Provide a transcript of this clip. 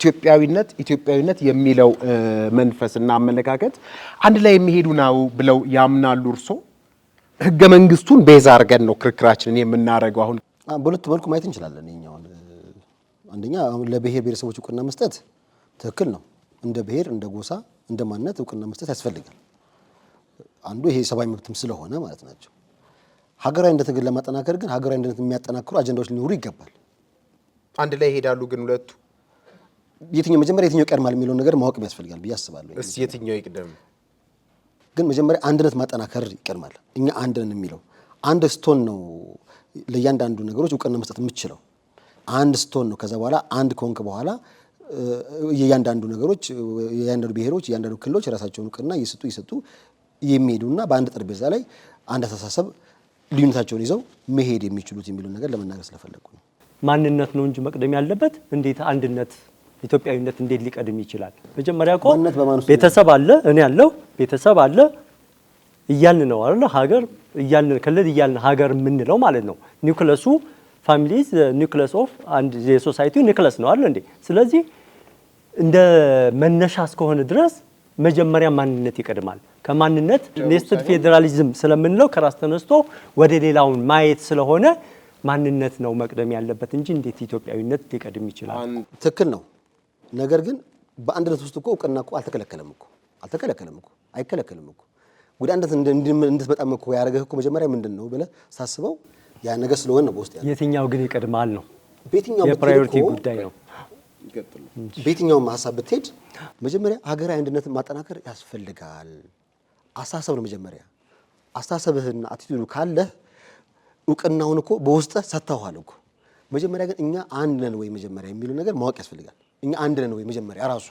ኢትዮጵያዊነት ኢትዮጵያዊነት የሚለው መንፈስና አመለካከት አንድ ላይ የሚሄዱ ነው ብለው ያምናሉ እርሶ? ህገ መንግስቱን ቤዛ አድርገን ነው ክርክራችንን የምናደርገው። አሁን በሁለት መልኩ ማየት እንችላለን። ኛውን አንደኛ ለብሔር ብሔረሰቦች እውቅና መስጠት ትክክል ነው። እንደ ብሔር፣ እንደ ጎሳ፣ እንደ ማንነት እውቅና መስጠት ያስፈልጋል። አንዱ ይሄ ሰብአዊ መብትም ስለሆነ ማለት ናቸው። ሀገራዊ አንድነትን ግን ለማጠናከር ግን ሀገራዊ አንድነትን የሚያጠናክሩ አጀንዳዎች ሊኖሩ ይገባል። አንድ ላይ ይሄዳሉ ግን ሁለቱ የትኛው መጀመሪያ የትኛው ይቀድማል የሚለውን ነገር ማወቅ ያስፈልጋል ብዬ አስባለሁ። እስ የትኛው ይቅደም? ግን መጀመሪያ አንድነት ማጠናከር ይቀድማል። እኛ አንድ ነን የሚለው አንድ ስቶን ነው ለእያንዳንዱ ነገሮች እውቅና መስጠት የምችለው አንድ ስቶን ነው። ከዛ በኋላ አንድ ከሆንክ በኋላ የእያንዳንዱ ነገሮች የእያንዳንዱ ብሔሮች የእያንዳንዱ ክልሎች የራሳቸውን እውቅና እየሰጡ እየሰጡ የሚሄዱና በአንድ ጠረጴዛ ላይ አንድ አስተሳሰብ ልዩነታቸውን ይዘው መሄድ የሚችሉት የሚለውን ነገር ለመናገር ስለፈለግኩ ነው። ማንነት ነው እንጂ መቅደም ያለበት እንዴት አንድነት ኢትዮጵያዊነት እንዴት ሊቀድም ይችላል? መጀመሪያ እኮ ቤተሰብ አለ፣ እኔ ያለው ቤተሰብ አለ እያልን ነው አይደል? ሀገር እያልን ክልል እያልን ሀገር የምንለው ማለት ነው። ኒውክለሱ ፋሚሊ ኒውክለስ ኦፍ አንድ የሶሳይቲ ኒውክለስ ነው አይደል እንዴ? ስለዚህ እንደ መነሻ እስከሆነ ድረስ መጀመሪያ ማንነት ይቀድማል። ከማንነት ኔስትድ ፌዴራሊዝም ስለምንለው ከራስ ተነስቶ ወደ ሌላውን ማየት ስለሆነ ማንነት ነው መቅደም ያለበት እንጂ እንዴት ኢትዮጵያዊነት ሊቀድም ይችላል? ትክክል ነው። ነገር ግን በአንድነት ውስጥ እኮ እውቅና እኮ አልተከለከለም እኮ አልተከለከለም እኮ አይከለከልም እኮ ወደ አንድነት እንድትመጣም እኮ ያደረገህ እኮ መጀመሪያ ምንድን ነው ብለህ ሳስበው ያ ነገ ስለሆነ ነው በውስጥ ያለው። የትኛው ግን ይቀድማል ነው በየትኛው የፕራዮሪቲ ጉዳይ ነው። በየትኛውም ሀሳብ ብትሄድ መጀመሪያ ሀገራዊ አንድነትን ማጠናከር ያስፈልጋል። አስተሳሰብ ነው መጀመሪያ። አስተሳሰብህና አቲቱዱ ካለህ እውቅናውን እኮ በውስጥ ሰጥተኸዋል እኮ። መጀመሪያ ግን እኛ አንድ ነን ወይ መጀመሪያ የሚሉ ነገር ማወቅ ያስፈልጋል። እኛ አንድ ነን ወይ? መጀመሪያ ራሱ